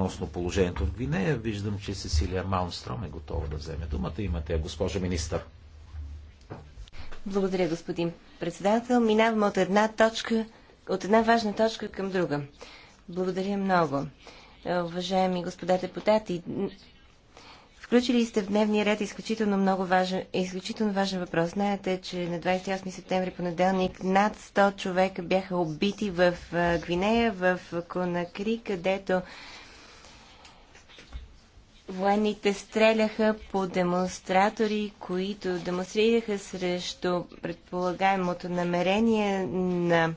относно положението в Гвинея. Виждам, че Сесилия Малмстром е готова да вземе думата. Имате, госпожа министър. Благодаря, господин председател. Минавам от една точка, от една важна точка към друга. Благодаря много. Е, уважаеми господа депутати, Включили сте в дневния ред изключително много важен, изключително важен въпрос. Знаете, че на 28 септември понеделник над 100 човека бяха убити в е, Гвинея, в Конакри, където Военните стреляха по демонстратори, които демонстрираха срещу предполагаемото намерение на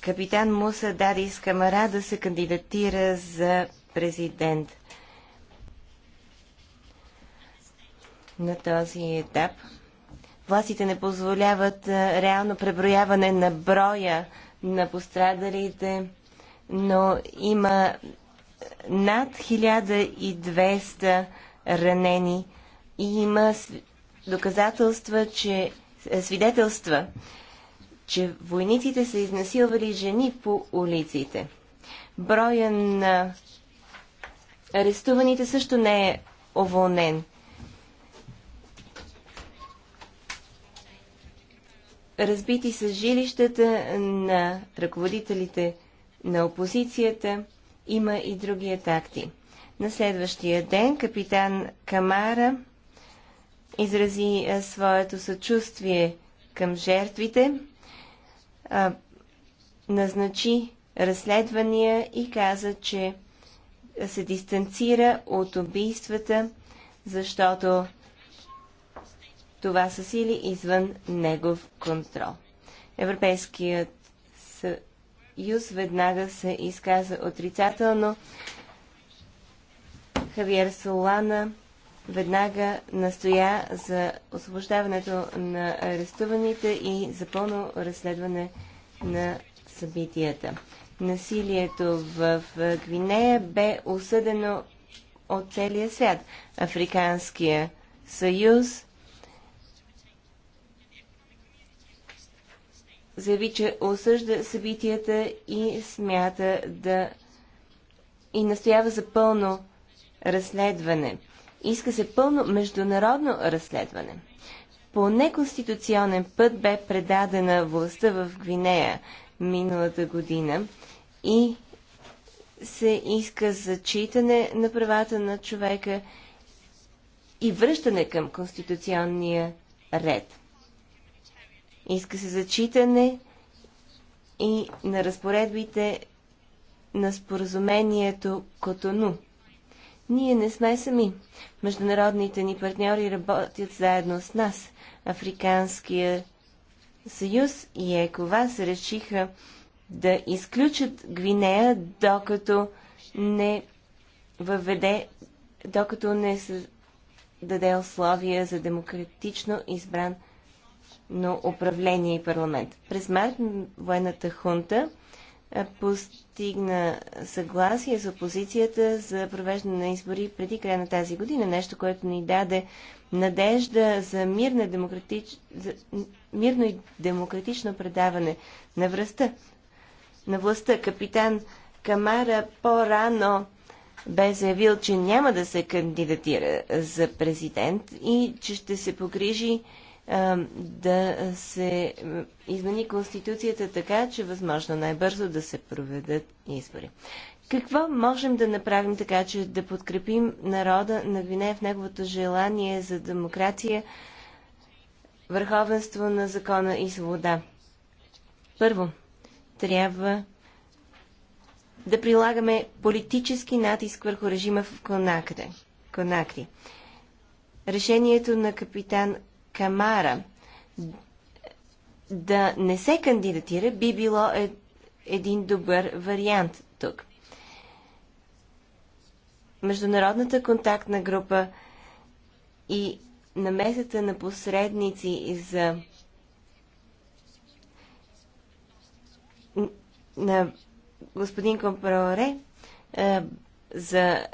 капитан Муса Дарис Камара да се кандидатира за президент. На този етап властите не позволяват реално преброяване на броя на пострадалите, но има над 1200 ранени и има доказателства, че е, свидетелства, че войниците са изнасилвали жени по улиците. Броя на арестуваните също не е уволнен. Разбити са жилищата на ръководителите на опозицията – има и други атакти. На следващия ден капитан Камара изрази своето съчувствие към жертвите, назначи разследвания и каза, че се дистанцира от убийствата, защото това са сили извън негов контрол. Европейският Юс веднага се изказа отрицателно. Хавиер Солана веднага настоя за освобождаването на арестуваните и за пълно разследване на събитията. Насилието в Гвинея бе осъдено от целия свят. Африканския съюз заяви, че осъжда събитията и смята да и настоява за пълно разследване. Иска се пълно международно разследване. По неконституционен път бе предадена властта в Гвинея миналата година и се иска зачитане на правата на човека и връщане към конституционния ред. Иска се зачитане и на разпоредбите на споразумението Котону. Ние не сме сами. Международните ни партньори работят заедно с нас. Африканския съюз и Екова се решиха да изключат Гвинея, докато не въведе, докато не даде условия за демократично избран на управление и парламент. През март военната хунта постигна съгласие с опозицията за провеждане на избори преди края на тази година. Нещо, което ни даде надежда за, мирна демократич... за мирно и демократично предаване на връста. На властта капитан Камара по-рано бе заявил, че няма да се кандидатира за президент и че ще се погрижи да се измени Конституцията така, че възможно най-бързо да се проведат избори. Какво можем да направим така, че да подкрепим народа на вине в неговото желание за демокрация, върховенство на закона и свобода? Първо, трябва да прилагаме политически натиск върху режима в Конакри. Решението на капитан Камара да не се кандидатира би било е, един добър вариант тук. Международната контактна група и намесата на посредници за на господин Компроре е, за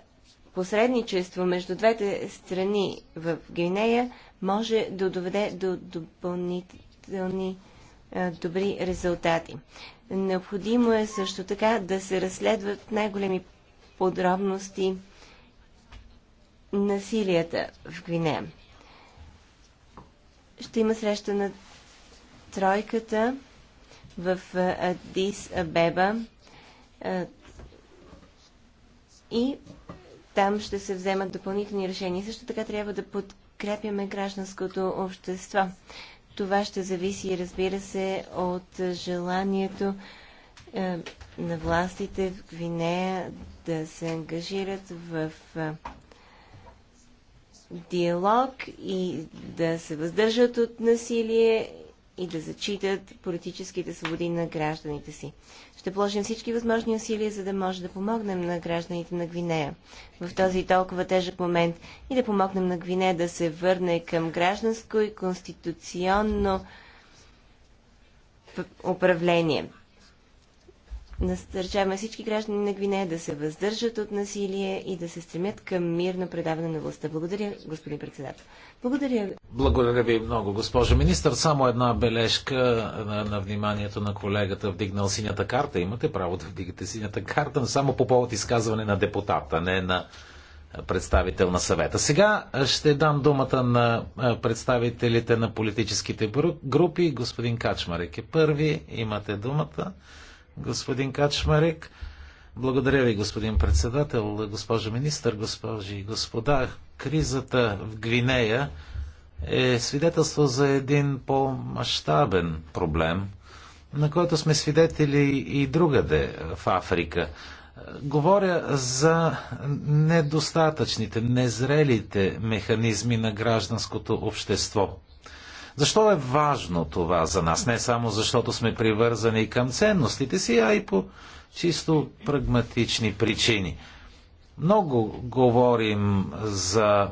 посредничество между двете страни в Гвинея може да доведе до допълнителни добри резултати. Необходимо е също така да се разследват най-големи подробности насилията в Гвинея. Ще има среща на тройката в Адис Абеба и там ще се вземат допълнителни решения. Също така трябва да подкрепяме гражданското общество. Това ще зависи, разбира се, от желанието е, на властите в Гвинея да се ангажират в е, диалог и да се въздържат от насилие и да зачитат политическите свободи на гражданите си. Ще положим всички възможни усилия, за да може да помогнем на гражданите на Гвинея в този толкова тежък момент и да помогнем на Гвинея да се върне към гражданско и конституционно управление. Насърчаваме всички граждани на Гвинея да се въздържат от насилие и да се стремят към мирно предаване на властта. Благодаря, господин председател. Благодаря. Благодаря ви много, госпожо министър. Само една бележка на, на вниманието на колегата, вдигнал синята карта. Имате право да вдигате синята карта, но само по повод изказване на депутата, не на представител на съвета. Сега ще дам думата на представителите на политическите групи. Господин Качмарек е първи. Имате думата господин Качмарек. Благодаря ви, господин председател, госпожо министър, госпожи и господа. Кризата в Гвинея е свидетелство за един по-масштабен проблем, на който сме свидетели и другаде в Африка. Говоря за недостатъчните, незрелите механизми на гражданското общество. Защо е важно това за нас? Не само защото сме привързани към ценностите си, а и по чисто прагматични причини. Много говорим за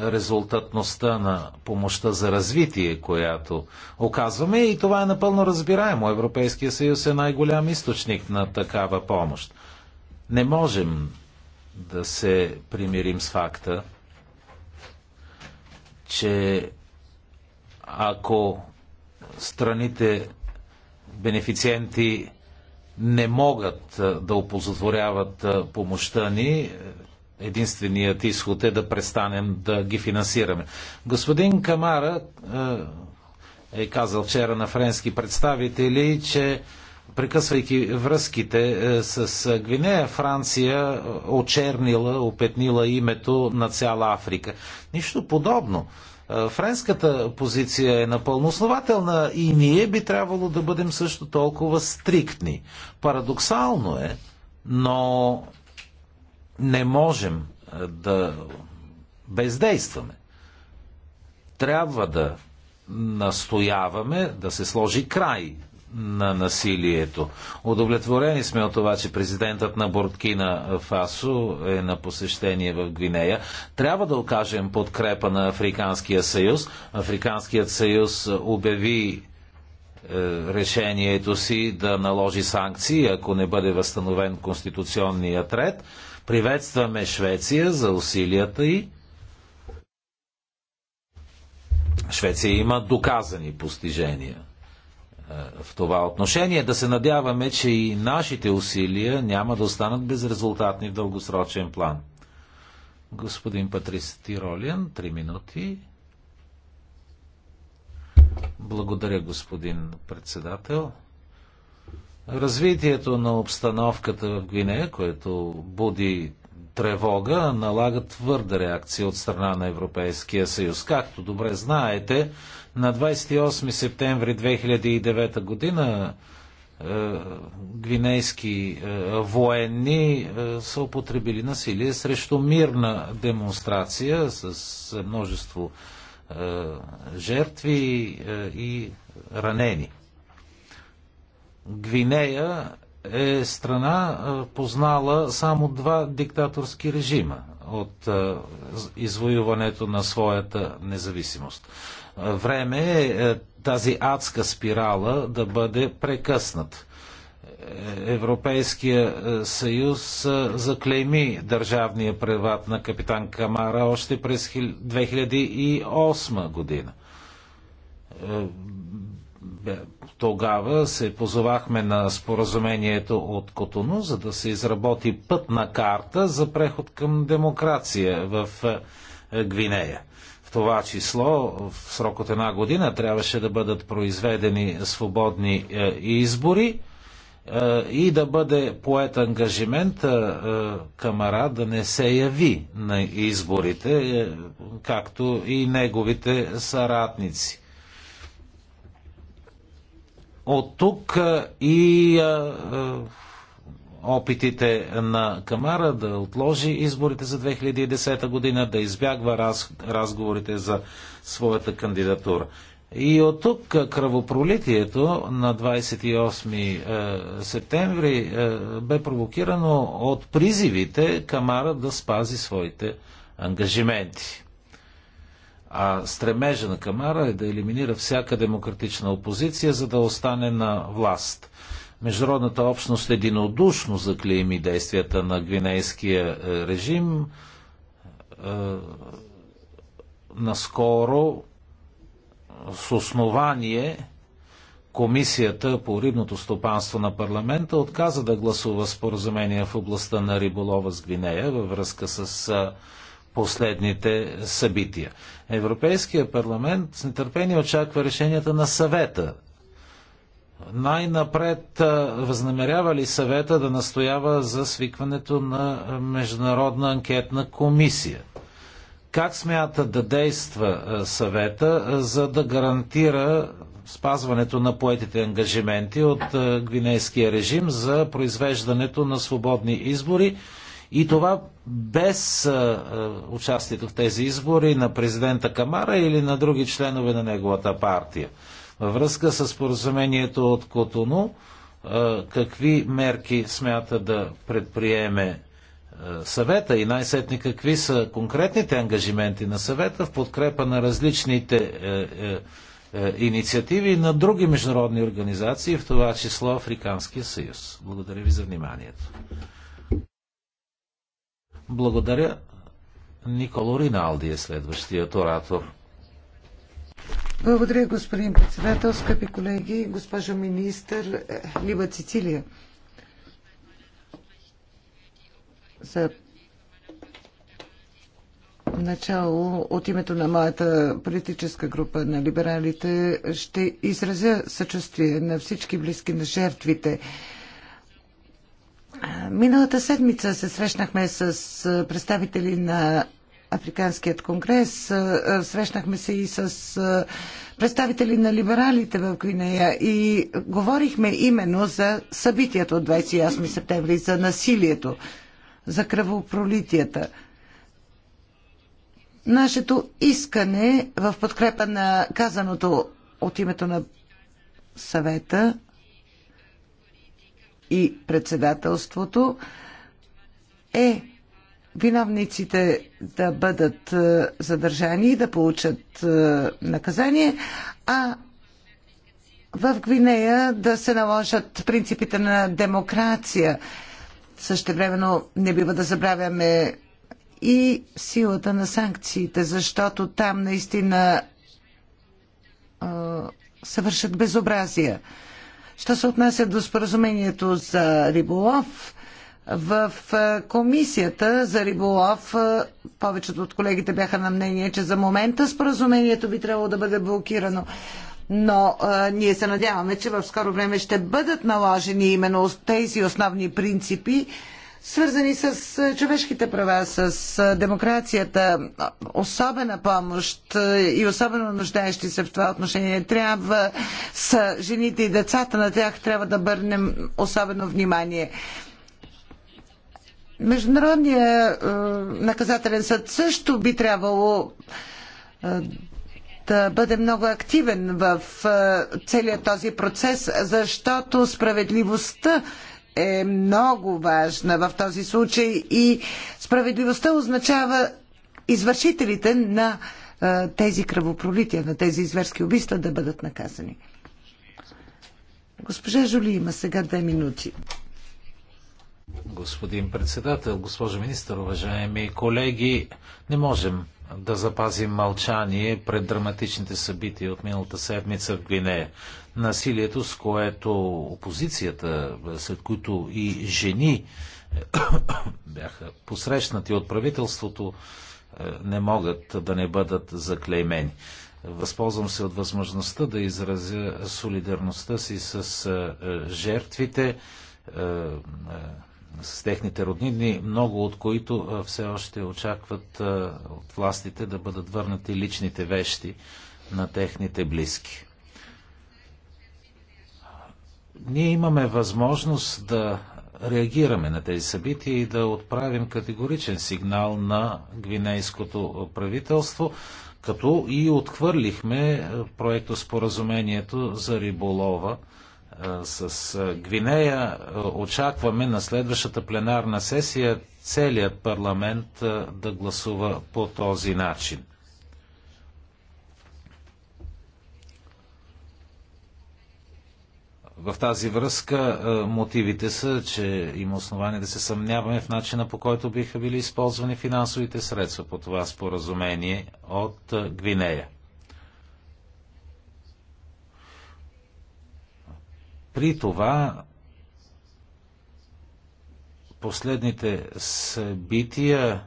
резултатността на помощта за развитие, която оказваме и това е напълно разбираемо. Европейския съюз е най-голям източник на такава помощ. Не можем да се примирим с факта, че ако страните бенефициенти не могат да опозотворяват помощта ни, единственият изход е да престанем да ги финансираме. Господин Камара е казал вчера на френски представители, че прекъсвайки връзките с Гвинея, Франция очернила, опетнила името на цяла Африка. Нищо подобно. Е, френската позиция е напълно основателна и ние би трябвало да бъдем също толкова стриктни. Парадоксално е, но не можем е, да бездействаме. Трябва да настояваме да се сложи край на насилието. Удовлетворени сме от това, че президентът на Борткина Фасо е на посещение в Гвинея. Трябва да окажем подкрепа на Африканския съюз. Африканският съюз обяви е, решението си да наложи санкции, ако не бъде възстановен конституционният ред. Приветстваме Швеция за усилията и. Швеция има доказани постижения е, в това отношение. Да се надяваме, че и нашите усилия няма да останат безрезултатни в дългосрочен план. Господин Патрис Тиролиан, три минути. Благодаря, господин председател. Развитието на обстановката в Гвинея, което буди тревога налагат твърда реакция от страна на Европейския съюз. Както добре знаете, на 28 септември 2009 година е, гвинейски е, военни е, са употребили насилие срещу мирна демонстрация с множество жертви и ранени. Гвинея е страна познала само два диктаторски режима от извоюването на своята независимост. Време е, е тази адска спирала да бъде прекъсната. Е, Европейския е, съюз заклейми държавния преват на капитан Камара още през 2008 година тогава се позовахме на споразумението от Котону, за да се изработи пътна карта за преход към демокрация в е, е, Гвинея. В това число в срок от една година трябваше да бъдат произведени свободни е, избори и да бъде поет ангажимент Камара да не се яви на изборите, както и неговите съратници. От тук и а, а, опитите на Камара да отложи изборите за 2010 година, да избягва раз, разговорите за своята кандидатура. И от тук кръвопролитието на 28 септември бе провокирано от призивите Камара да спази своите ангажименти. А стремежа на Камара е да елиминира всяка демократична опозиция, за да остане на власт. Международната общност единодушно заклейми действията на гвинейския е, режим. Е, наскоро с основание Комисията по рибното стопанство на парламента отказа да гласува споразумение в областта на риболова с Гвинея във връзка с е, последните събития. Европейския парламент с нетърпение очаква решенията на съвета. Най-напред възнамерява ли съвета да настоява за свикването на Международна анкетна комисия? Как смята да действа съвета, за да гарантира спазването на поетите ангажименти от гвинейския режим за произвеждането на свободни избори и това без участието в тези избори на президента Камара или на други членове на неговата партия. Във връзка с поразумението от Котону, какви мерки смята да предприеме съвета и най-сетни какви са конкретните ангажименти на съвета в подкрепа на различните а, е, а, е, е, инициативи на други международни организации, в това число Африканския съюз. Благодаря ви за вниманието. Благодаря. Николо Риналди е следващият оратор. Благодаря, господин председател, скъпи колеги, госпожо министър е, Либа Цицилия. За начало от името на моята политическа група на либералите ще изразя съчувствие на всички близки на жертвите Миналата седмица се срещнахме с представители на Африканският конгрес. Срещнахме се и с представители на либералите в Гвинея и говорихме именно за събитието от 28 септември, за насилието, за кръвопролитията. Нашето искане в подкрепа на казаното от името на съвета и председателството е виновниците да бъдат е, задържани и да получат е, наказание, а в Гвинея да се наложат принципите на демокрация. Същевременно не бива да забравяме и силата на санкциите, защото там наистина е, се вършат безобразия. Що се отнася до споразумението за риболов, в комисията за риболов повечето от колегите бяха на мнение, че за момента споразумението би трябвало да бъде блокирано. Но а, ние се надяваме, че в скоро време ще бъдат наложени именно тези основни принципи, свързани с човешките права, с демокрацията, особена помощ и особено нуждаещи се в това отношение трябва с жените и децата, на тях трябва да бърнем особено внимание. Международният наказателен съд също би трябвало да бъде много активен в целия този процес, защото справедливостта е много важна в този случай и справедливостта означава извършителите на тези кръвопролития, на тези изверски убийства да бъдат наказани. Госпожа Жули има сега две минути. Господин председател, госпожо министър, уважаеми колеги, не можем да запазим мълчание пред драматичните събития от миналата седмица в Гвинея. Насилието, с което опозицията, след които и жени бяха посрещнати от правителството, е, не могат да не бъдат заклеймени. Възползвам се от възможността да изразя солидарността си с е, е, жертвите, с техните роднини, много от които все още очакват от властите да бъдат върнати личните вещи на техните близки. Ние имаме възможност да реагираме на тези събития и да отправим категоричен сигнал на гвинейското правителство, като и отхвърлихме проекто споразумението за риболова с Гвинея. Очакваме на следващата пленарна сесия целият парламент да гласува по този начин. В тази връзка мотивите са, че има основание да се съмняваме в начина по който биха били използвани финансовите средства по това споразумение от Гвинея. При това последните събития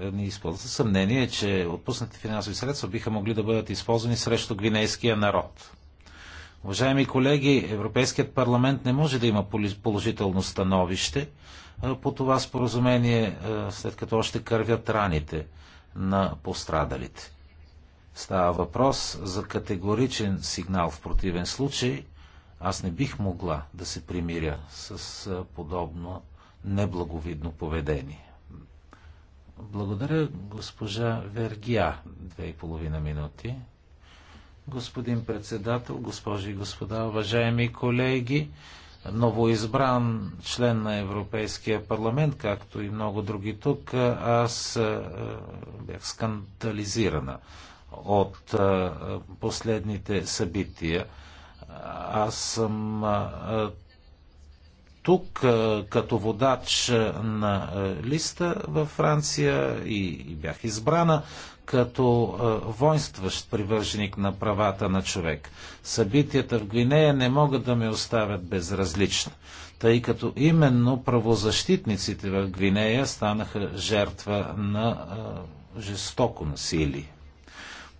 е, ни използват съмнение, че отпуснати финансови средства биха могли да бъдат използвани срещу гвинейския народ. Уважаеми колеги, Европейският парламент не може да има положително становище е, по това споразумение, е, след като още кървят раните на пострадалите. Става въпрос за категоричен сигнал в противен случай аз не бих могла да се примиря с подобно неблаговидно поведение. Благодаря госпожа Вергия, две и половина минути. Господин председател, госпожи и господа, уважаеми колеги, новоизбран член на Европейския парламент, както и много други тук, аз бях скандализирана от последните събития аз съм тук като водач на листа във Франция и бях избрана като воинстващ привърженик на правата на човек. Събитията в Гвинея не могат да ме оставят безразлично, тъй като именно правозащитниците в Гвинея станаха жертва на жестоко насилие.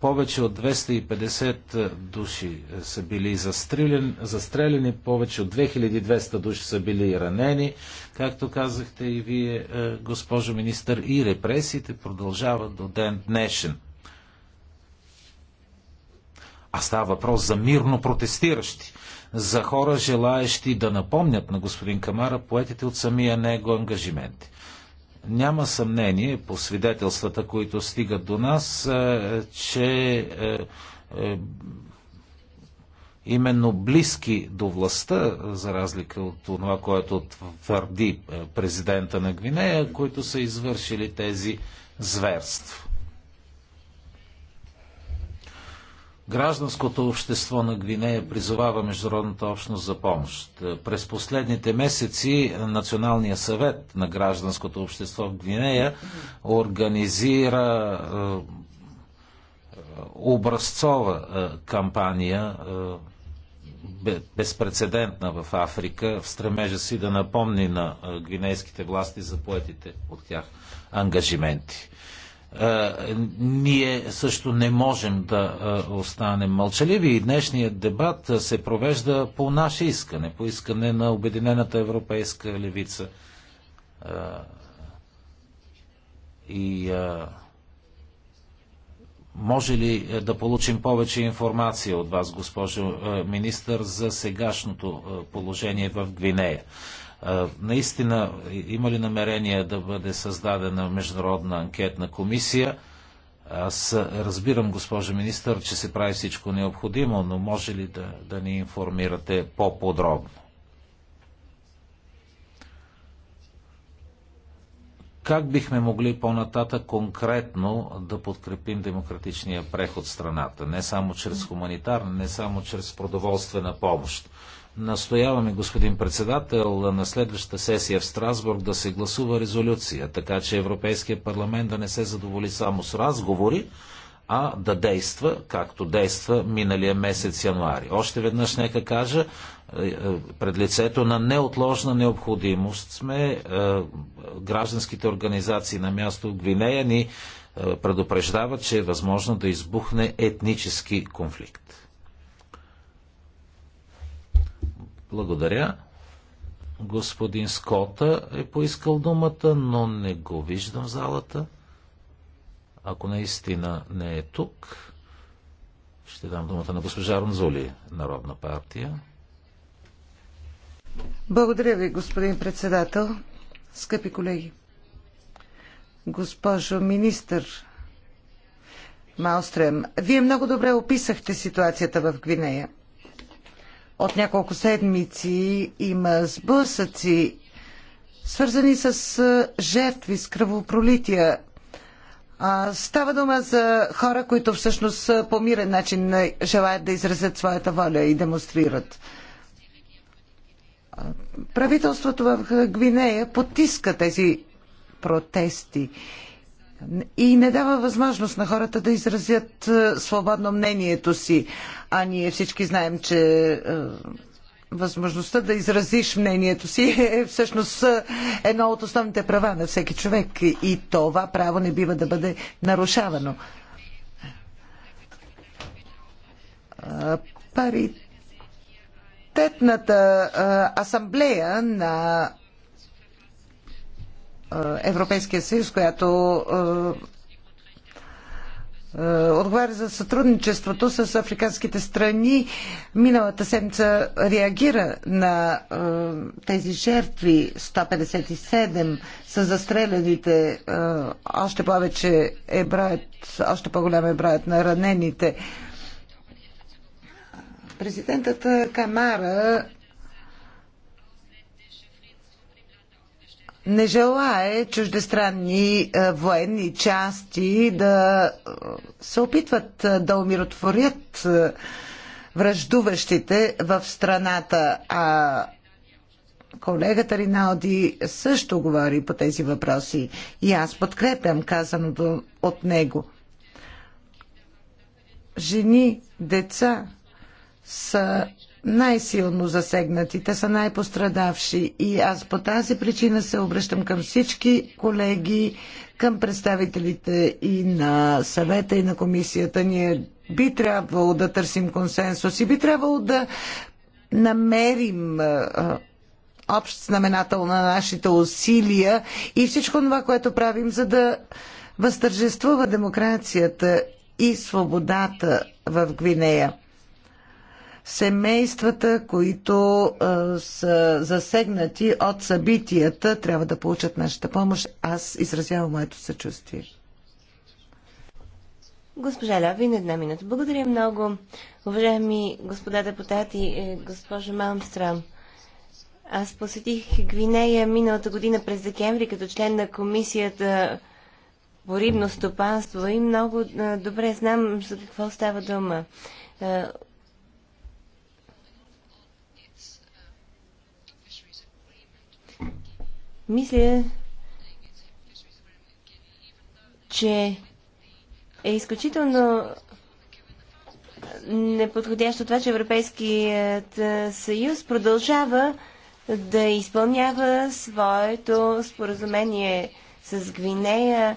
Повече от 250 е, е, души са били застрелени, застрелени повече от 2200 души са били ранени, както казахте и вие, е, госпожо министър, и репресиите продължават до ден днешен. А става въпрос за мирно протестиращи, за хора желаещи да напомнят на господин Камара поетите от самия него ангажименти. Няма съмнение по свидетелствата, които стигат до нас, е, че е, е, именно близки до властта, за разлика от това, което твърди президента на Гвинея, които са извършили тези зверства. Гражданското общество на Гвинея призовава международната общност за помощ. През последните месеци Националния съвет на гражданското общество в Гвинея организира е, е, образцова е, кампания, безпредседентна в Африка, в стремежа си да напомни на гвинейските власти за поетите от тях ангажименти. Е, ние също не можем да е, останем мълчаливи и днешният дебат е, се провежда по наше искане, по искане на Обединената европейска левица. И може ли да получим повече информация от вас, госпожо министър, за сегашното положение в Гвинея? Наистина има ли намерение да бъде създадена международна анкетна комисия? Аз разбирам, госпожо министър, че се прави всичко необходимо, но може ли да, да ни информирате по-подробно? Как бихме могли по-нататък конкретно да подкрепим демократичния преход в страната? Не само чрез хуманитарна, не само чрез продоволствена помощ. Настояваме, господин председател, на следващата сесия в Страсбург да се гласува резолюция, така че Европейския парламент да не се задоволи само с разговори, а да действа, както действа миналия месец януари. Още веднъж нека кажа, е, е, пред лицето на неотложна необходимост сме е, гражданските организации на място в Гвинея ни предупреждават, че е възможно да избухне етнически конфликт. Благодаря. Господин Скота е поискал думата, но не го виждам в залата. Ако наистина не е тук, ще дам думата на госпожа Ронзули, Народна партия. Благодаря ви, господин председател. Скъпи колеги, госпожо министър Малстрем, вие много добре описахте ситуацията в Гвинея. От няколко седмици има сблъсъци, свързани с жертви, с кръвопролития. А, става дума за хора, които всъщност по мирен начин желаят да изразят своята воля и демонстрират. Правителството в Гвинея потиска тези протести и не дава възможност на хората да изразят е, свободно мнението си. А ние всички знаем, че е, възможността да изразиш мнението си е всъщност е, едно от основните права на всеки човек и това право не бива да бъде нарушавано. Паритетната асамблея на е, Европейския съюз, която е, е, отговаря за сътрудничеството с африканските страни. Миналата седмица реагира на тези жертви. 157 са застреляните. Още повече е броят, още по-голям е броят на ранените. Президентът Камара не желае чуждестранни е, военни части да е, се опитват е, да умиротворят връждуващите в страната. А колегата Риналди също говори по тези въпроси и аз подкрепям казаното от него. Жени, деца, са най-силно засегнати, те са най-пострадавши и аз по тази причина се обръщам към всички колеги, към представителите и на съвета и на комисията. Ние би трябвало да търсим консенсус и би трябвало да намерим общ знаменател на нашите усилия и всичко това, което правим, за да възтържествува демокрацията и свободата в Гвинея. Семействата, които а, са засегнати от събитията, трябва да получат нашата помощ. Аз изразявам моето съчувствие. Госпожа Лявин, една минута. Благодаря много. Уважаеми господа депутати, е, госпожа Малмстрам, аз посетих Гвинея миналата година през декември като член на комисията по рибно стопанство и много добре знам за какво става дума. Мисля, че е изключително неподходящо това, че Европейският е, съюз продължава да изпълнява своето споразумение с Гвинея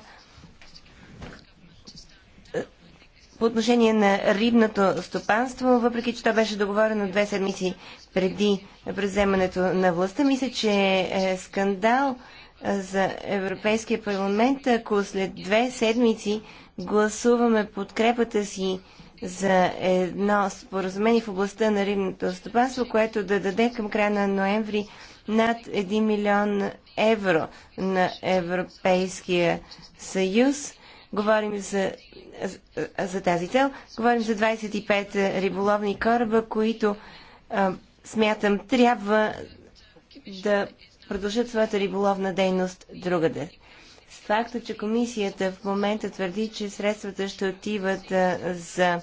по отношение на рибното стопанство, въпреки че то беше договорено две седмици преди преземането на властта, мисля, че е скандал за Европейския парламент, ако след две седмици гласуваме подкрепата си за едно споразумение в областта на рибното стопанство, което да даде към края на ноември над 1 милион евро на Европейския съюз Говорим за, за, тази цел. Говорим за 25 риболовни кораба, които а, смятам трябва да продължат своята риболовна дейност другаде. С факта, че комисията в момента твърди, че средствата ще отиват а, за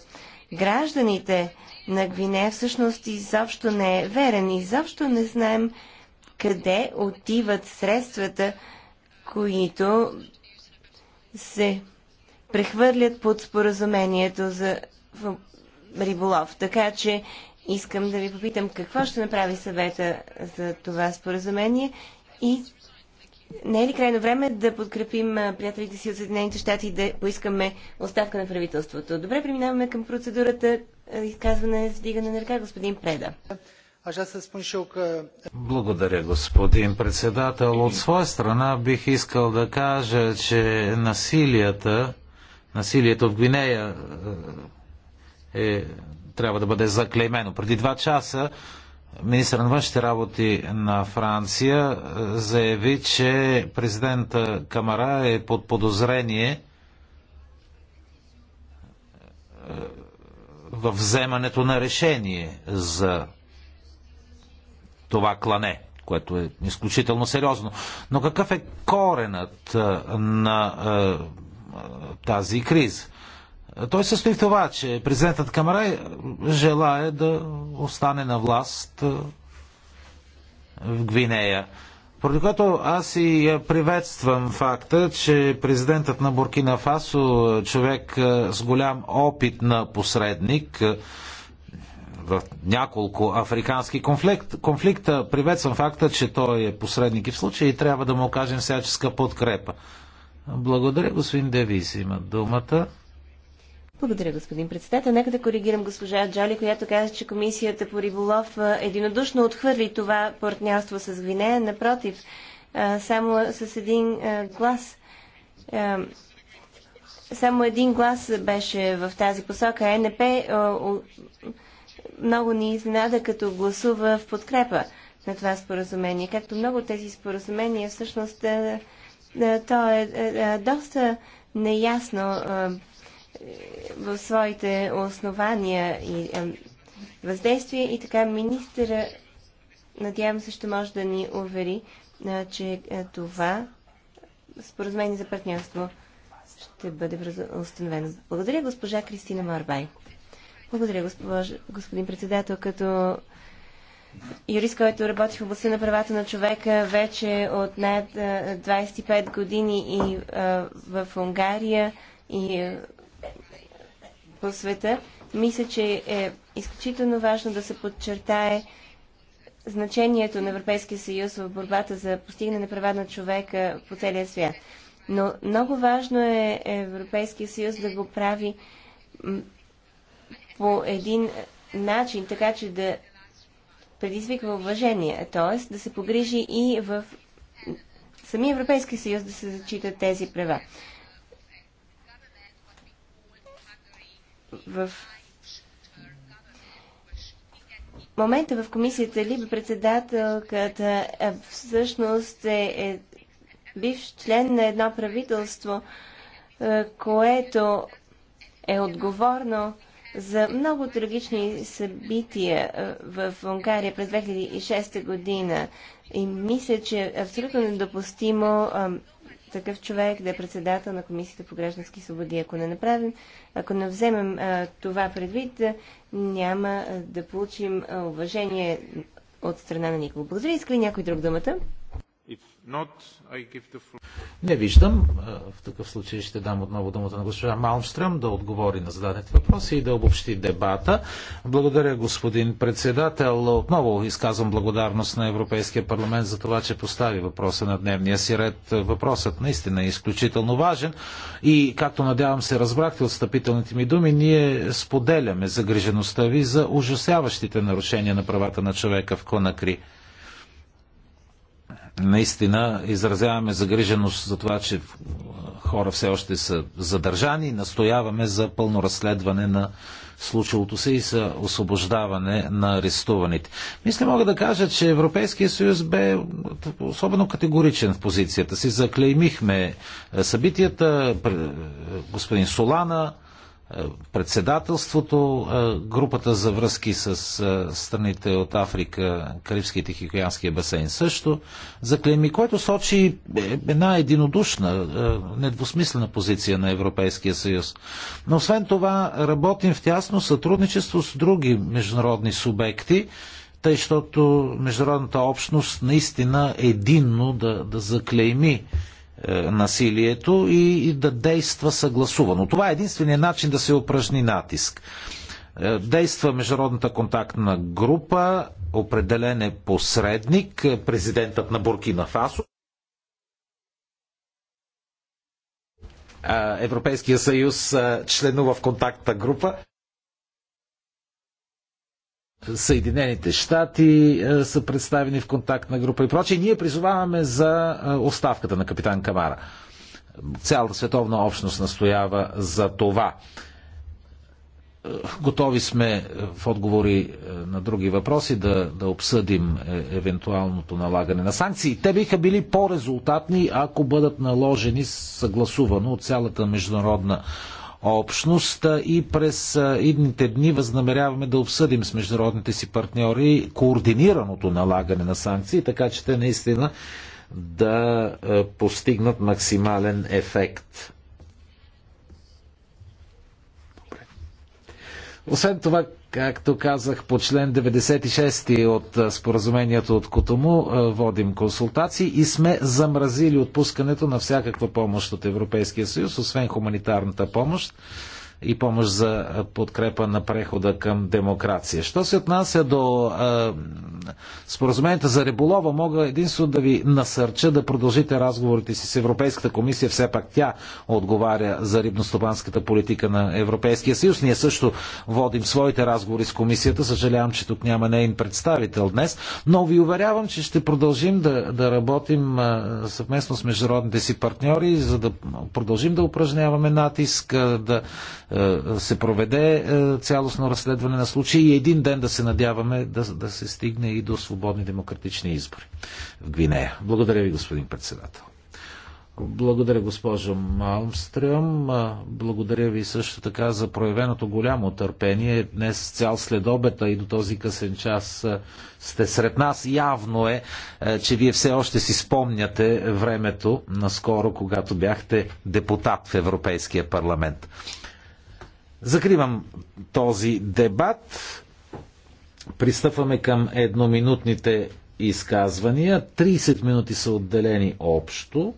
гражданите на Гвинея, всъщност изобщо не е верен. Изобщо не знаем къде отиват средствата, които се прехвърлят под споразумението за риболов. Така че искам да ви попитам какво ще направи съвета за това споразумение и не е ли крайно време да подкрепим приятелите си от Съединените щати и да поискаме оставка на правителството? Добре, преминаваме към процедурата изказване с дигане на ръка, господин Преда. Благодаря, господин председател. От своя страна бих искал да кажа, че насилията Насилието в Гвинея е, е, трябва да бъде заклеймено. Преди два часа министър на външните работи на Франция е, заяви, че президента Камара е под подозрение е, в вземането на решение за това клане, което е изключително сериозно. Но какъв е коренът на тази криза. Той състои в това, че президентът Камарай желая да остане на власт в Гвинея. Поради което аз и приветствам факта, че президентът на Буркина Фасо, човек с голям опит на посредник в няколко африкански конфликт, конфликта, приветствам факта, че той е посредник и в случай и трябва да му окажем всяческа подкрепа. Благодаря, господин Девис. Има думата. Благодаря, господин председател. Нека да коригирам госпожа Джоли, която каза, че комисията по риболов единодушно отхвърли това партньорство с Гвинея. Напротив, само с един глас. Само един глас беше в тази посока. Е НП много ни изненада, като гласува в подкрепа на това споразумение. Както много тези споразумения всъщност е, то е, е, е доста неясно в своите основания и въздействия, и така министъра надявам се ще може да ни увери, че това споразумение за партньорство ще бъде установено. Благодаря госпожа Кристина Марбай. Благодаря, госпожа, господин председател. Като юрист, който работи в областта на правата на човека вече от над 25 години и в Унгария и по света. Мисля, че е изключително важно да се подчертае значението на Европейския съюз в борбата за постигане на права на човека по целия свят. Но много важно е Европейския съюз да го прави по един начин, така че да предизвиква уважение, т.е. да се погрижи и в самия Европейски съюз да се зачитат тези права. В момента в комисията ли председателката всъщност е, е бивш член на едно правителство, което е отговорно за много трагични събития в Унгария през 2006 година и мисля, че е абсолютно недопустимо такъв човек да е председател на Комисията по граждански свободи. Ако не направим, ако не вземем а, това предвид, няма а, да получим а, уважение от страна на никого. Благодаря. Иска ли някой друг думата? Not, the... Не виждам. Е, в такъв случай ще дам отново думата на госпожа Малмстрам да отговори на зададените въпроси и да обобщи дебата. Благодаря, господин председател. Отново изказвам благодарност на Европейския парламент за това, че постави въпроса на дневния си ред. Въпросът наистина е изключително важен и, както надявам се, разбрахте от стъпителните ми думи, ние споделяме загрижеността ви за ужасяващите нарушения на правата на човека в Конакри наистина изразяваме загриженост за това, че хора все още са задържани. Настояваме за пълно разследване на случилото се и за освобождаване на арестуваните. Мисля, мога да кажа, че Европейския съюз бе особено категоричен в позицията си. Заклеймихме събитията, господин Солана е, председателството, е, групата за връзки с е, страните от Африка, Карибския и Тихоокеанския басейн също заклейми, което сочи една единодушна, недвусмислена позиция на Европейския съюз. Но освен това работим в тясно сътрудничество с други международни субекти, тъй, защото международната общност наистина единно да, да заклейми е, насилието и, и да действа съгласувано. Това е единствения начин да се упражни натиск. Е, действа Международната контактна група, определен е посредник, е, президентът на Буркина Фасо. Европейския съюз членува в контактна група. Съединените щати е, са представени в контактна група и прочее. Ние призоваваме за е, оставката на капитан Камара. Цялата световна общност настоява за това. Е, готови сме в отговори на други въпроси да, да обсъдим евентуалното налагане на санкции. Те биха били по-резултатни, ако бъдат наложени съгласувано от цялата международна общност и през идните дни възнамеряваме да обсъдим с международните си партньори координираното налагане на санкции, така че те наистина да постигнат максимален ефект. Освен това, Както казах по член 96 от споразумението от Котому, водим консултации и сме замразили отпускането на всякаква помощ от Европейския съюз, освен хуманитарната помощ и помощ за подкрепа на прехода към демокрация. Що се отнася до е, споразумението за риболова, мога единствено да ви насърча да продължите разговорите си с Европейската комисия. Все пак тя отговаря за рибностопанската политика на Европейския съюз. Ние също водим своите разговори с комисията. Съжалявам, че тук няма нейн представител днес, но ви уверявам, че ще продължим да, да работим съвместно с международните си партньори, за да продължим да упражняваме натиск, да е, се проведе е, цялостно разследване на случая и един ден да се надяваме да, да се стигне и до свободни демократични избори в Гвинея. Благодаря ви, господин председател. Благодаря, госпожо Малмстрем. Е, благодаря ви също така за проявеното голямо търпение. Днес цял следобета и до този късен час сте сред нас. Явно е, че вие все още си спомняте времето наскоро, когато бяхте депутат в Европейския парламент. Закривам този дебат. Пристъпваме към едноминутните изказвания. 30 минути са отделени общо.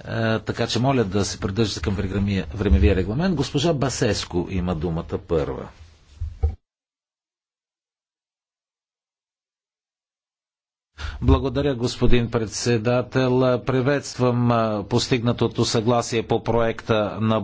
Е, така че моля да се придържате към времевия регламент. Госпожа Басеско има думата първа. Благодаря, господин председател. Приветствам е, постигнатото съгласие по проекта на